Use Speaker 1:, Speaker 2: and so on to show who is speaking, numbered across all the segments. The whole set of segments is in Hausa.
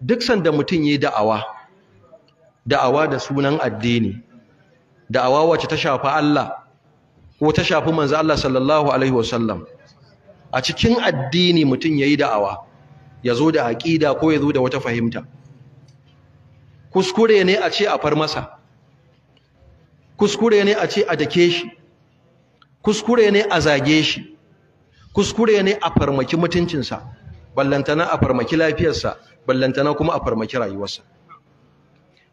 Speaker 1: duk sanda mutum yi da'awa da'awa da sunan addini da'awa wacce ta shafi Allah ko ta shafi manzo Allah sallallahu alaihi wasallam a cikin addini mutum yayi da'awa yazo da aqida ko yazo da wata fahimta kuskure ne a ce a far masa kuskure ne a ce a dake shi kuskure ne a zage shi kuskure ne a farmaki mutuncinsa ballantana a farmaki lafiyarsa ballantana kuma a farmaki rayuwarsa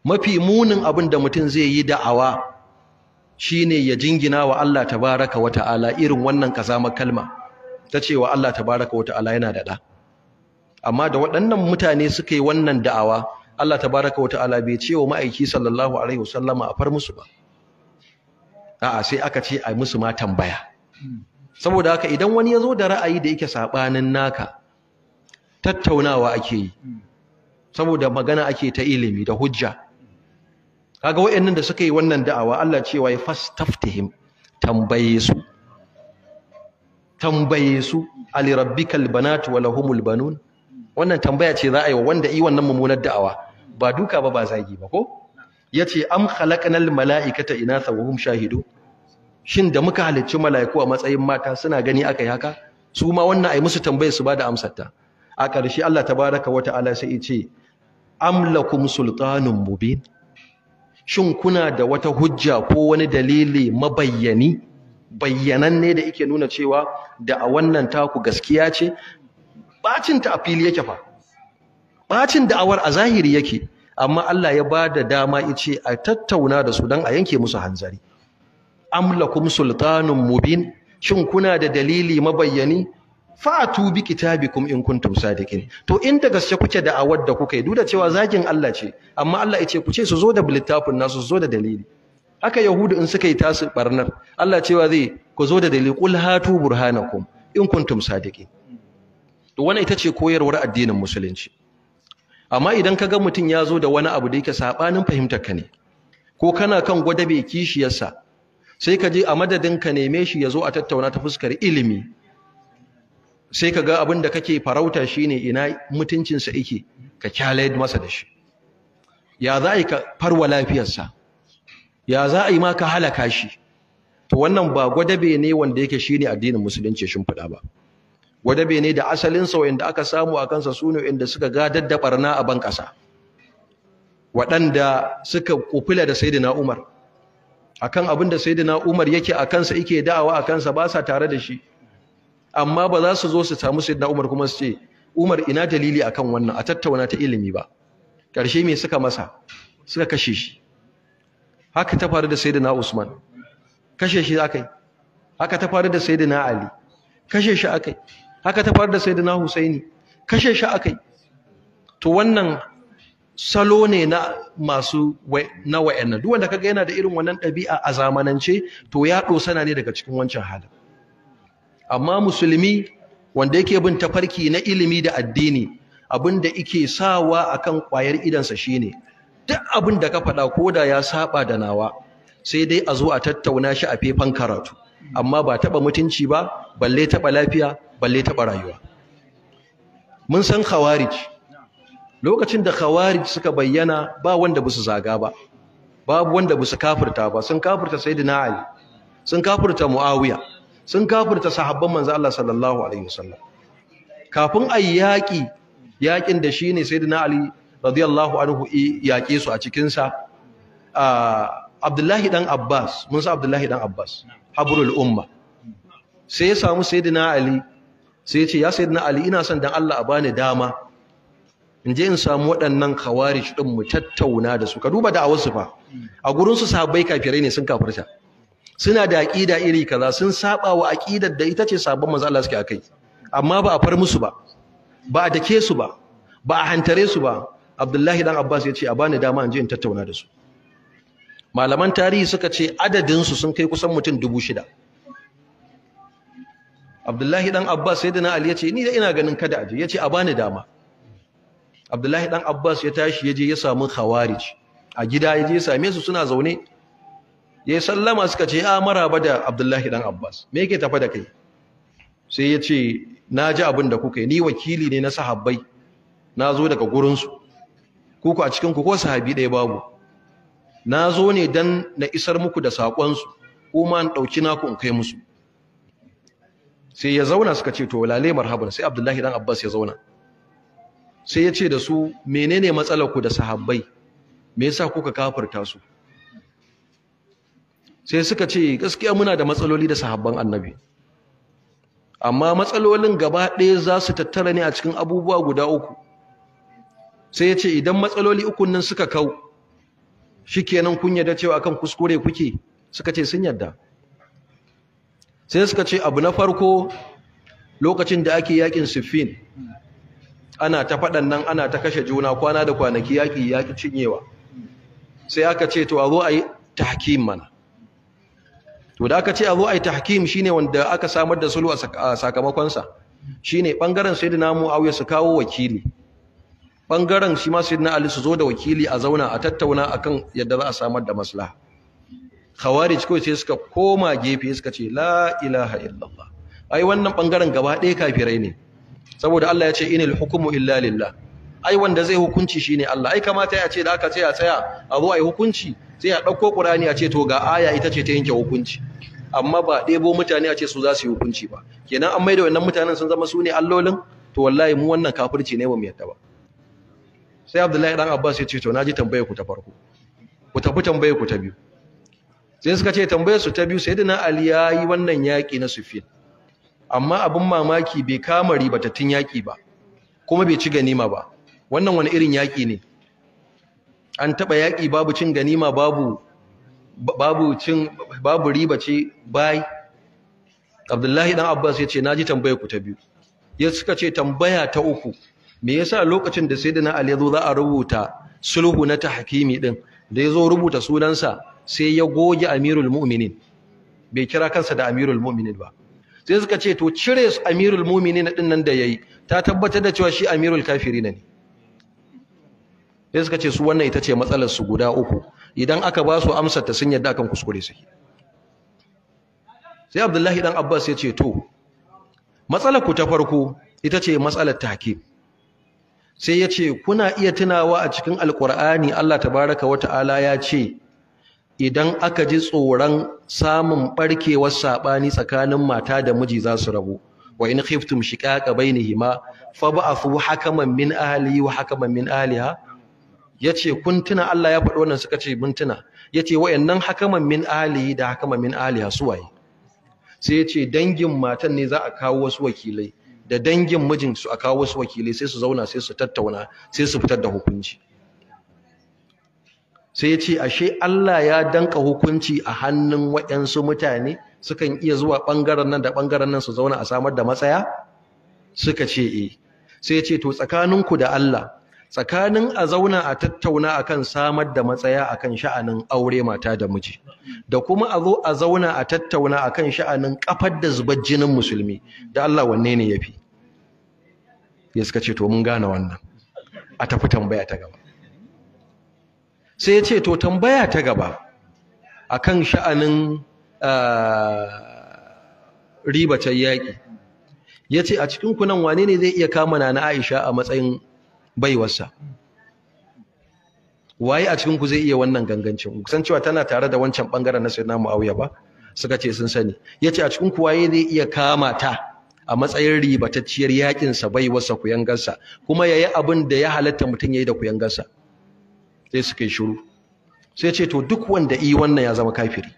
Speaker 1: mafi munin abin da mutum zai yi da'awa shine ya jingina wa Allah tabaraka wa ta'ala irin wannan kazamar kalma ta ce wa Allah tabaraka wa ta'ala yana da da amma da waɗannan mutane suka yi wannan da'awa Allah tabaraka wa ta'ala bai ce wa ma'aiki sallallahu alaihi wasallama a far musu ba a'a sai aka ce a musu ma tambaya saboda haka idan wani ya zo da ra'ayi da yake sabanin naka tattaunawa ake yi saboda magana ake ta ilimi da hujja kaga wayannan da suka yi wannan da'awa Allah cewa ya fastaftihim tambaye su tambaye su ali rabbikal banatu wa lahumul banun wannan tambaya ce za a yi wa wanda yi wannan mummunar da'awa ba duka ba ba zagi ba ko yace am khalaqnal malaikata inatha wa hum shahidu shin da muka halicci mala'iku a matsayin mata suna gani akai haka su ma wannan ai musu tambayar su ba da amsar a ƙarshe Allah tabaraka wa ta'ala sai ya ce amlakum sultanun mubin shin kuna da wata hujja ko wani dalili mabayyani ne da ike nuna cewa da a wannan taku gaskiya ce bacin ta a fili yake fa bacin da'awar a zahiri yake amma Allah ya ba da dama ice a tattauna da su don a yanke musu hanzari amlakum sultanun mubin shin kuna da dalili mabayyani fa'atu bi kitabikum in kuntum sadiqin to in da gaske kuke da awar da kuka duk da cewa zagin Allah ce amma Allah ya ce ku ce su zo da littafin nasu su zo da dalili haka yahudu in suka yi tasu barnar Allah cewa zai ku zo da dalili qul hatu burhanakum in kuntum sadiqin to wannan ita ce koyarwar addinin musulunci amma idan kaga mutum ya zo da wani abu da yake sabanin fahimtar ka ne ko kana kan gwada gwadabe kishiyarsa sai ka je a madadin ka neme shi ya zo a tattauna ta fuskar ilimi sai ka ga abin da kake farauta shi ne ina mutuncinsa yake ka kyalayar masa da shi ya za a yi ka farwa lafiyarsa ya za a yi ma ka halaka shi to wannan ba gwadabe ne wanda yake ne addinin musulunci shin fada ba gwadabe ne da asalin sa wanda aka samu a kansa sune wanda suka gadar da na a ban kasa waɗanda suka kufula da sayyidina Umar akan abin da sayyidina Umar yake a kansa yake da'awa a kansa ba sa tare da shi amma ba za su zo su samu sayyidina Umar kuma su ce Umar ina dalili akan wannan a tattauna ta ilimi ba ƙarshe me suka masa suka kashe shi haka ta faru da sayyidina Usman kashe shi akai haka ta faru da sayyidina Ali kashe shi akai haka ta faru da sayyidina Husaini kashe shi akai to wannan salo ne na masu na wayannan duk wanda kaga yana da irin wannan ɗabi'a a zamanance to ya dosana ne daga cikin wancan halin amma musulmi wanda yake bin tafarki na ilimi da addini abinda yake sawa akan kwayar idansa shine duk abin da ka faɗa ko da ya saba da nawa sai dai a zo a tattauna shi a fefan karatu amma ba taba mutunci ba balle taɓa lafiya balle taɓa rayuwa mun san khawarij lokacin da khawarij suka bayyana ba wanda busu zaga ba babu wanda busu kafirta ba sun kafirta sayyidina ali sun kafirta muawiya sun kafirta sahabban manzo Allah sallallahu alaihi wasallam kafin ay yaki yakin da shine sayyidina Ali radiyallahu anhu yake su a cikin sa Abdullahi dan Abbas mun Abdullahi dan Abbas habrul umma sai ya samu sayyidina Ali sai ya ce ya sayyidina Ali ina son dan Allah a bani dama in je in samu waɗannan khawarij din mu tattauna da su ka duba da awansu fa a gurin su sahabbai kafirai ne sun kafirta suna da aƙida iri kaza sun saba wa aƙidar da ita ce sabon maza Allah suke akai amma ba a far musu ba ba a dake su ba ba a hantare su ba Abdullahi dan Abbas ya ce a bani dama in je in tattauna da su malaman tarihi suka ce adadin su sun kai kusan mutum dubu shida Abdullahi dan Abbas sai na Ali ya ce ni da ina ganin kada aje ya ce a bani dama Abdullahi dan Abbas ya tashi ya je ya samu Khawarij a gida ya je ya same su suna zaune Ya sallama suka ce a ah, maraba da Abdullahi dan Abbas me yake tafa da kai sai ya ce na ji abin da kuka yi ni wakili ne na sahabbai na zo daga gurinsu kuku a cikinku ko sahabi ɗaya babu na zo ne don na isar muku da saƙonsu ma in ɗauki naku in kai musu sai ya zauna suka ce to lale marhaban sai abdullahi dan abbas ya zauna sai ya ce da su menene matsalar ku da sahabbai me yasa kuka kafirta su sai suka ce gaskiya muna da matsaloli da sahabban annabi amma matsalolin gaba ɗaya za su tattara ne a cikin abubuwa guda uku sai ya ce idan matsaloli ukun nan suka kau kenan kun da cewa akan kuskure kuke suka ce sun yarda sai suka ce abu na farko lokacin da ake yakin siffin ana ta faɗan nan ana ta kashe juna kwana da kwanaki yaƙi yaƙi cinyewa sai aka ce to a zo a yi tahkim mana to da aka ce a zo ai tahkim shine wanda aka samar da sulhu a sakamakon sa shine bangaren sayyidina Muawiya su kawo wakili bangaren shi ma sayyidina Ali su zo da wakili a zauna a tattauna akan yadda za a samar da maslaha khawarij ko sai suka koma gefe suka ce la ilaha illallah ai wannan bangaren gaba ɗaya kafirai ne saboda Allah ya ce inal hukmu illa lillah ai wanda zai hukunci shine Allah ai kamata ya ce da aka ce a tsaya a zo ai hukunci sai a ɗauko ƙur'ani a ce to ga aya ita ce ta yanke hukunci amma ba ɗebo mutane a ce su za su yi hukunci ba kenan an maida wannan mutanen sun zama su ne allolin to wallahi mu wannan kafirci ne ba mu yadda ba sai abdullahi dan abbas ya ce to naji tambaye ku ta farko ku tafi tambaye ku ta biyu sai suka ce tambaye su ta biyu sayyidina ali yi wannan yaki na Sufin. amma abin mamaki bai ta ribatattun yaƙi ba kuma bai ci ganima ba wannan wani irin yaki ne an taba yaƙi babu cin ganima babu babu cin babu riba ce bai Abdullahi dan Abbas ya ce naji tambayar ku ta biyu ya suka ce tambaya ta uku me yasa lokacin da sayyidina Ali ya zo za a rubuta sulhu na tahkimi din da ya zo rubuta sunansa sai ya goge Amirul Mu'minin bai kira kansa da Amirul Mu'minin ba sai suka ce to cire Amirul Mu'minin din nan da yayi ta tabbatar da cewa shi Amirul Kafirin ne sai suka ce su wannan ita ce matsalar su guda uku idan aka ba su amsar ta sun yadda kan kuskure sai sai Abdullahi dan Abbas ya ce to matsalar ku ta farko ita ce matsalar tahkim sai ya ce kuna iya tunawa a cikin alkur'ani Allah Ta baraka wa ta'ala ya ce idan aka ji tsoron samun barkewar sabani tsakanin mata da miji za su rabu wa in khiftum shiqaqa bainihima fa ba'athu hakaman min ahlihi wa hakaman min ahliha yace kun tuna Allah ya faɗi wannan suka ce mun tuna yace wayannan hakaman min ali da hakaman min aliha suwaye sai yace dangin matan ne za a kawo wasu wakilai da dangin mijin su a kawo wasu wakilai sai su zauna sai su tattauna sai su fitar da hukunci sai yace ashe Allah ya danka hukunci a hannun wa'yansu mutane sukan iya zuwa bangaren nan da bangaren nan su zauna a samar da matsaya suka ce eh sai yace to tsakaninku da Allah tsakanin a zauna a tattauna akan samar da matsaya akan sha'anin aure mata da miji da kuma a zo a zauna a tattauna akan sha'anin kafar da zubar jinin musulmi da Allah wanne ne yafi ya suka ce to mun gane wannan a tafi tambaya ta gaba sai ya ce to tambaya ta gaba kan sha'anin ah, ribacin yaƙi ya ce a cikin kunan wane ne zai iya kama na Aisha a matsayin baiwarsa waye a cikin ku zai iya wannan gangancin ku san cewa tana tare da wancan bangaren na sayyidina muawiya ba suka ce sun sani yace a cikin ku waye zai iya kama ta a matsayin ribatacciyar yakin sa baiwarsa ku yangarsa kuma yayi abin da ya halatta mutun yayi da ku yangarsa sai suka shiru sai ce to duk wanda yi wannan ya zama kafiri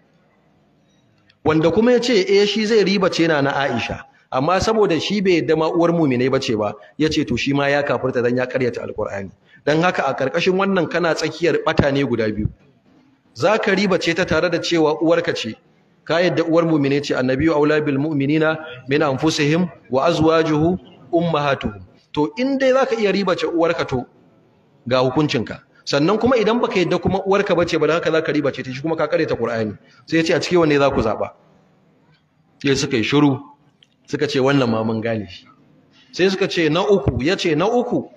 Speaker 1: wanda kuma yace eh shi zai ribace na na Aisha amma saboda shi bai yadda ma uwar mu'minai bace ba yace to shi ma ya kafirta dan ya karyata alqur'ani dan haka a karkashin wannan kana tsakiyar bata ne guda biyu zaka riba ce ta tare da cewa uwarka ce ka yadda uwar mu'mine ce annabiyu aula bil mu'minina min anfusihim wa azwajuhu ummahatuhum to in dai zaka iya riba ce uwarka to ga hukuncinka sannan kuma idan baka yadda kuma uwarka bace ba dan haka zaka riba ce ta shi kuma ka karyata ta qur'ani sai ya ce a cikin wanne za ku zaba sai suka yi shiru suka ce wannan ma gane shi sai suka ce na uku ya ce na uku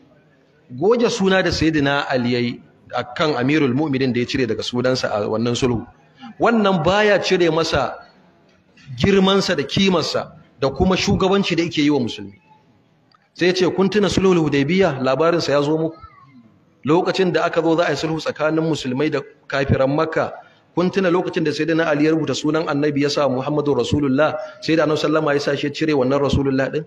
Speaker 1: goge suna da sayyidina ali yayi akan amirul mu'minin da ya cire daga sunansa a wannan sulhu wannan baya cire masa girmansa da kimarsa da kuma shugabanci da yake yi wa musulmi sai ya ce kun tuna sulhul hudaybiya labarinsa ya zo muku lokacin da aka zo za a yi sulhu tsakanin musulmai da kafiran makka kun tuna lokacin da sayyidina ali ya rubuta sunan annabi ya sa muhammadu rasulullah sai da annabi sallama ya sa shi cire wannan rasulullah din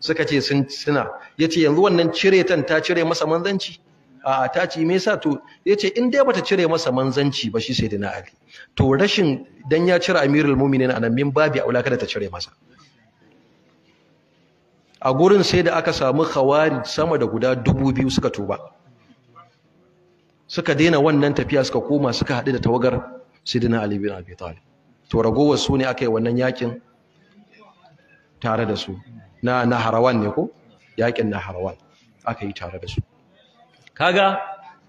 Speaker 1: suka ce sun tuna yace yanzu wannan cire tan ta cire masa manzanci a ta ce me yasa to yace in dai bata cire masa manzanci ba shi sayyidina ali to rashin dan ya cire amirul mu'minin anan min babi aula kada ta cire masa a gurin sai da aka samu khawari sama da guda dubu biyu suka tuba suka daina wannan tafiya suka koma suka haɗu da tawagar sidina ali bin abi talib to ragowar su ne aka yi wannan yakin tare da su na naharawan ne ko yakin naharawan aka yi tare da su kaga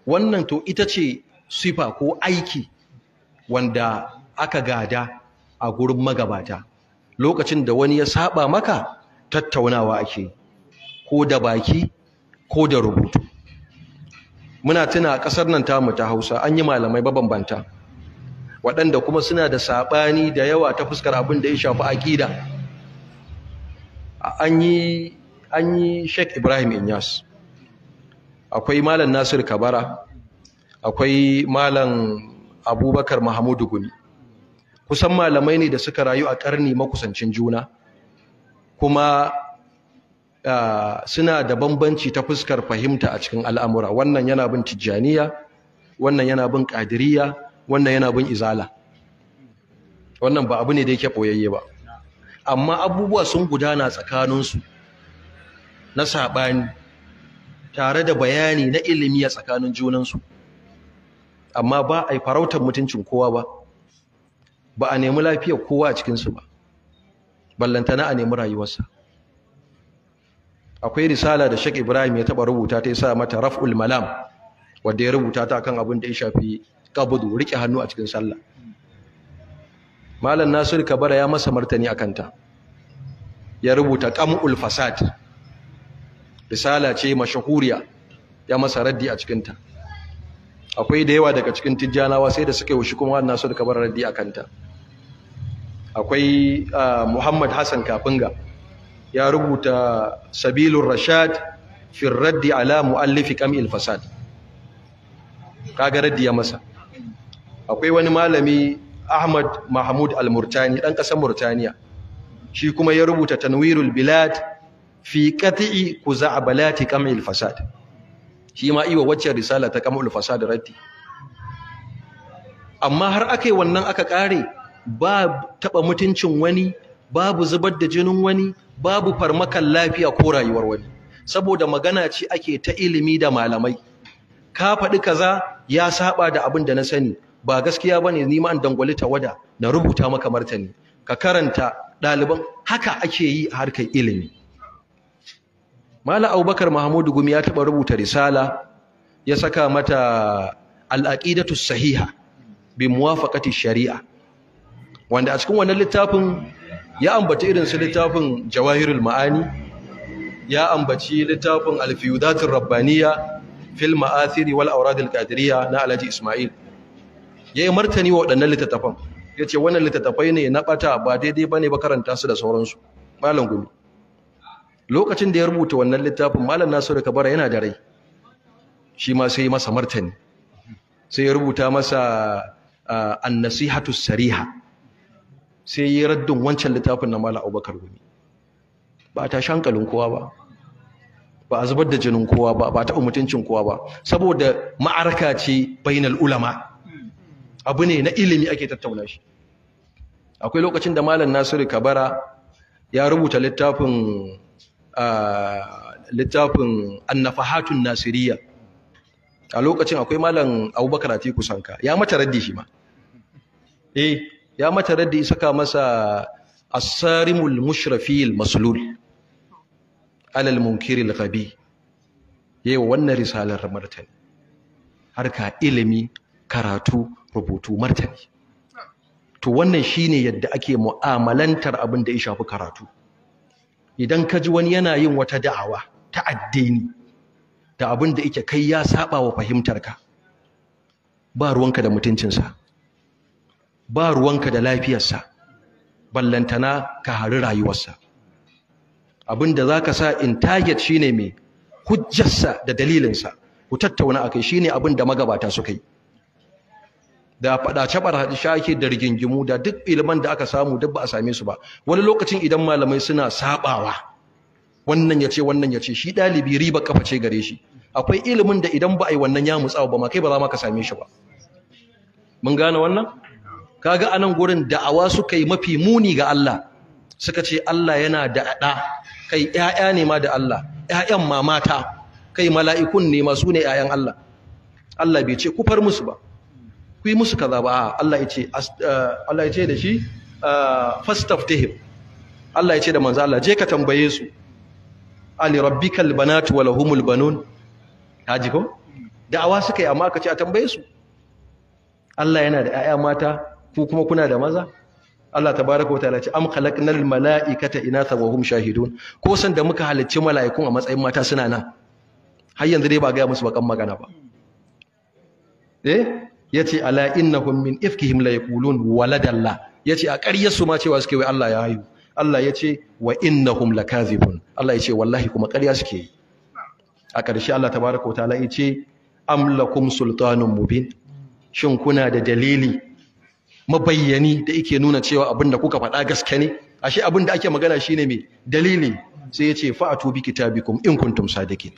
Speaker 1: wannan to ita ce sifa ko aiki wanda aka gada a gurin magabata lokacin da wani ya saba maka tattaunawa ake ko da baki ko da rubutu muna tuna a ƙasar nan tamu ta hausa an yi malamai mabambanta waɗanda kuma suna da saɓani da yawa ta fuskar abin da ya shafi aƙida an yi an yi sheik ibrahim inyas akwai malam nasir kabara akwai malam abubakar mahamudu gumi kusan malamai ne da suka rayu a ƙarni makusancin juna kuma suna da bambanci ta fuskar fahimta a cikin al'amura wannan yana bin tijjaniya wannan yana bin ƙadiriya wannan yana bin izala wannan ba abu ne da yake ɓoyayye ba amma abubuwa sun gudana tsakaninsu na saɓani tare da bayani na ilimi a tsakanin junansu amma ba a yi farautar mutuncin kowa ba ba a nemi lafiyar kowa a cikinsu ba ballantana a nemi rayuwarsa akwai risala da Sheikh Ibrahim ya taba rubuta ta sa mata raf'ul malam wanda ya rubuta ta kan abin da ya shafi kabudu rike hannu a cikin sallah Malam Nasir Kabara ya masa martani akan ta ya rubuta qam'ul fasad risala ce mashahuriya ya masa raddi a cikin akwai da yawa daga cikin tijjanawa sai da suka yi wushi kuma Nasir Kabara raddi akan ta akwai ah, Muhammad Hassan Kafinga ya rubuta sabilun rashad firraddi ala muallifi kamil fasad kaga raddi ya masa akwai wani malami Ahmad Mahmud Al-Murtani dan kasar Murtaniya shi kuma ya rubuta tanwirul bilad fi qat'i kuzabalati ƙam'il fasad shi ma iwa wacce risala ta kamil fasad raddi amma har aka yi wannan aka kare ba taba mutuncin wani babu zubar da jinin wani babu farmakan lafiya ko rayuwar wani saboda magana ce ake ta ilimi da malamai ka faɗi kaza ya saba da abin da na sani ba gaskiya bane ni ma an dangwali tawada na rubuta maka martani ka karanta ɗaliban haka ake yi a harkar ilimi Mala Abubakar Mahmudu Gumi ya taɓa rubuta risala ya saka mata al-aqidatu sahiha bi muwafaqati shari'a wanda a cikin wannan littafin ya ambaci irin su littafin jawahirul ma'ani ya ambaci littafin alfiyudatul rabbaniya fil ma'athiri wal auradil qadiriyya na alhaji isma'il yayi martani wa waɗannan Ya yace wannan littattafai ne na bata ba daidai bane ba karanta su da sauransu malam gumi lokacin da ya rubuta wannan littafin malam nasiru kabara yana da rai shi ma sai masa martani sai ya rubuta masa an-nasihatu sariha sai yi raddin wancan littafin na mala abubakar gumi ba a tashi hankalin kowa ba ba a zubar da jinin kowa ba ba taɓa mutuncin kowa ba saboda ma'arka ce bainal ulama abu ne na ilimi ake tattauna shi akwai lokacin da malam nasiru kabara ya rubuta littafin littafin annafahatun nasiriya a lokacin akwai malam abubakar atiku sanka ya mata raddi shi ma eh ya mata raddi saka masa asarimul mushrafil maslul alal munkiril ghabi yayi wannan risalar martani harka ilimi karatu rubutu martani to wannan shine yadda ake mu'amalantar abin da ya shafi karatu idan ka ji wani yana yin wata da'awa ta addini da abin da yake kai ya saba wa fahimtarka ba ruwanka da mutuncinsa ba ruwanka da lafiyarsa ballantana ka hari rayuwarsa abin da za ka sa in target shine mai hujjarsa da dalilinsa ku tattauna a kai shine abin da magabata suka yi da faɗace barhaɗi shake da rigingimu da duk ilman da aka samu duk ba a same su ba wani lokacin idan malamai suna sabawa wannan ya ce wannan ya ce shi ɗalibi riba kafa ce gare shi akwai ilimin da idan ba a yi wannan ya mutsawa ba ma kai ba za ma ka same shi ba mun gane wannan kaga anan gurin da'awa suka yi mafi muni ga Allah suka ce Allah yana da ɗa kai ƴaƴa ne ma da Allah ƴaƴan ma mata kai mala'ikun ne ma su ne ƴaƴan Allah Allah bai ce kufar musu ba ku yi musu kaza ba Allah ya ce eh, Allah ya ce da shi eh, fastaftihim Allah ya ce da manzo Allah je ka tambaye su ali rabbikal banatu wa lahumul banun haji ko da'awa suka yi amma aka ce a tambaye su Allah yana da ƴaƴa mata ku kuma kuna da maza Allah tabaraka wataala ce am khalaqnal malaikata inatha wa hum shahidun ko san da muka halicci mala'ikun a matsayin mata suna nan har yanzu dai ba ga musu bakan magana ba eh yace ala innahum min ifkihim la yaqulun waladallah yace a ƙaryar su ma cewa suke wai Allah ya hayu Allah ce wa innahum lakazibun Allah ce wallahi kuma ƙarya suke yi a ƙarshe Allah tabaraka wataala ce, am lakum sultanun mubin shin kuna da dalili mabayyani da yake nuna cewa abin da kuka faɗa gaske ne ashe abin da ake magana shi ne me dalili sai ya ce fa'atu bi kitabikum in kuntum sadiqin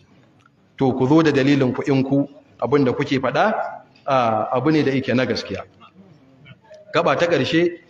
Speaker 1: to ku zo da dalilin ku in ku abin da kuke faɗa abu ne da yake na gaskiya gaba ta ƙarshe